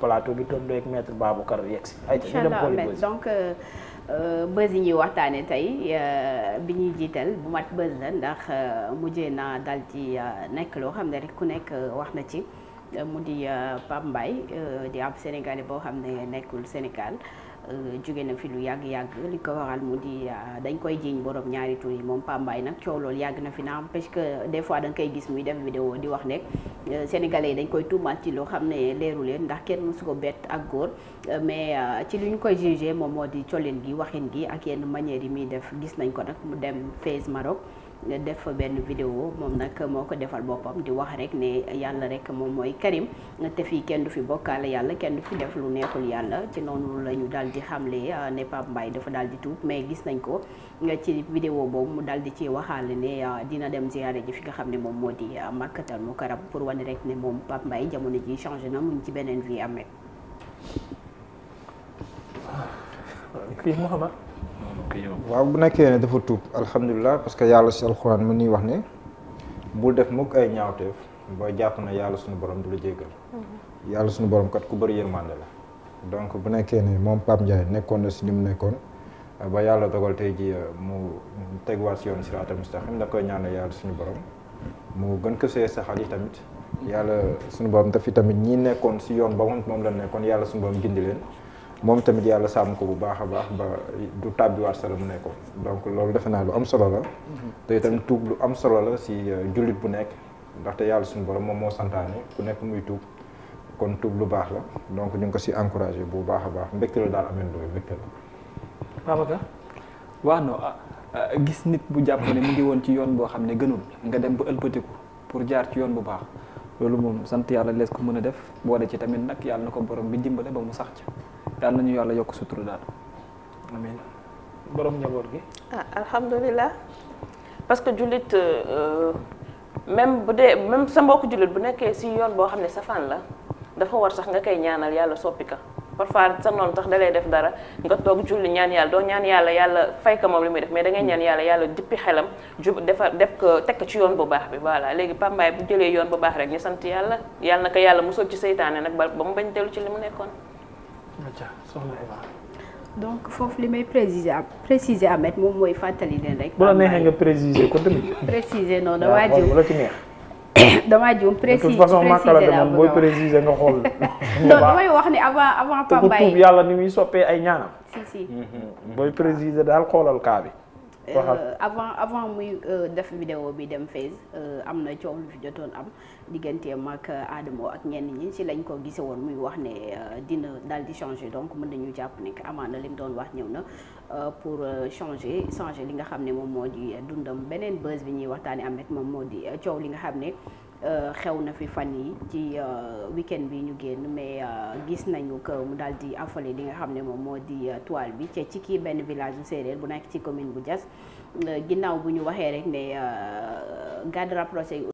plateau bi toog doyeeg maître Baboucar yegsi. incha allah donc euh, euh, bës yi ñuy waxtaanee tey euh, bi ñuy jiital bu mat bës la ndax mujjee naa dal ci nekk loo xam ne rek ku nekk wax na ci mu di Pape Mbaye di ab Sénégalais boo xam ne nekkul Sénégal. Euh, jóge na fi lu yàgg-yàgg li ko waral mu di ah, dañ koy jiiñ borom ñaari tur yi moom pambaay nag coow loolu yàgg na fi na am parce que fois da koy gis muy def vidéo di wax nekk euh, sénégalais yi dañ koy tuumaat ci loo xam ne leeru leen ndax kenn mësu ko bett ak góor euh, mais ci li ñu koy jugé moom moo di colin gi waxin gi ak yenn manière yi muy def gis nañ ko nag mu dem Fès Maroc def fa benn vidéo moom nag moo ko defal boppam di wax rek ne yàlla rek moom mooy Karim te fii kenn du fi bokkaale yàlla kenn du fi def lu neexul yàlla ci noonu la ñu daal di xamle euh, ne Pape Mbaye dafa daal di tuub mais gis nañ ko nga euh, ci vidéo boobu mu daal di ci waxaale ne euh, dina dem ziyaare ji fi nga xam ne moom moo di Makkatal Mukarram pour wane rek ne moom Pape Mbaye jamono ji changé na mu ngi ci beneen vie amee. waaw bu nekkee ne dafa tuub alhamdulilah parce que yàlla si alxuraan mu ni wax ne bul def mukk ay ñaawteef ba jàpp na yàlla suñu borom du la jéggal mhm. yàlla suñu borom kat ku bëri yërmande la donc bu nekkee ne moom Pape Ndiaye nekkoon na si ni mu nekkoon ba yàlla dogal tey jii euh, mu tegwaat si yoon siraatal mustaqim da koy ñaanal yàlla suñu borom mu gën ko see saxal yi tamit yàlla suñu borom daf tamit ñi nekkoon si yoon ba moom la nekkoon yàlla suñu borom gindi leen moom tamit yàlla sàmm ko bu baax a baax ba du tàbbiwaat sax la mu nekkoon donc loolu defe naa lu am solo la mhm. te tamit tuub lu am solo la si euh, jullit bu nekk ndaxte yàlla suñu borom moom moo santaane ku nekk muy tuub kon tuub lu baax la donc ñu ngi ko si encouragé bu baax a baax mbégte la daal ameen dooy mbégte la Babacar waaw non ah, ah, gis nit bu jàpp ne mu ngi woon ci yoon boo xam ne gënul nga dem ba ëlbatiku pour jaar ci yoon bu baax loolu moom sant yàlla lees ko mën a def boole ci tamit nag yàlla na ko borom bi dimbale ba mu sax ci yàlla ñu yàlla yokk sutura daal amiin borom njaboot gi ah alhamdulilah parce que jullit euh, même bu dee même sa mbokk jullit bu nekkee si yoon boo xam ne safaan la dafa war sax nga koy ñaanal yàlla soppi ka parfois sa noonu sax da lay def dara nga toog julli ñaan yàlla doo ñaan yàlla yàlla fay ko moom muy def mais da ngay ñaan yàlla yàlla dippi xelam jub defar def ko teg ci yoon bu baax bi voilà léegi pambaay bu jëlee yoon bu baax rek ñu sant yàlla yàlla na ko yàlla musal ci seytaane nag ba ba mu bañ dellu ci li mu nekkoon donc foofu li may préciser am préciser Ameth moom mooy fàttali leen rek. bu la neexee nga préciser ko tamit. préciser noonu waa jiw waaw damaa juum préciser de toute façon màkkala de moom booy préciser nga xool. non damay wax ni avant avant Pambaay. te yàlla ni muy soppee ay ñaanam. si mm-hmm. booy préciser daal xoolal kaa bi. Euh, avant avant muy euh, def vidéo bi dem Face euh, am na coow lu fi jotoon am diggante ak Adamo ak ñenn ñi ci lañ ko gise woon muy wax ne dina daal di changer donc mën nañu jàpp ne amaana li mu doon wax ñëw na pour changer changer li nga xam ne moom moo di dundam beneen buzz bi ñuy waxtaanee am moom moo di coow li nga xam ne xew na fi fan yi ci. weekend bi ñu génn mais euh, gis nañu que mu daal di affolé li nga xam ne moom moo di euh, toile bi ca ci kii benn village bu séeréer bu nekk ci commune bu Diass euh, ginnaaw bu ñu waxee rek ne garde rapproché